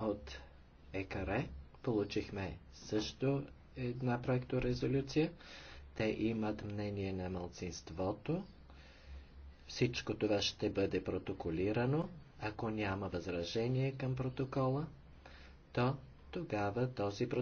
от ЕКР. Получихме също една проекторезолюция. Те имат мнение на мълцинството. Всичко това ще бъде протоколирано. Ако няма възражение към протокола, то тогава този протокол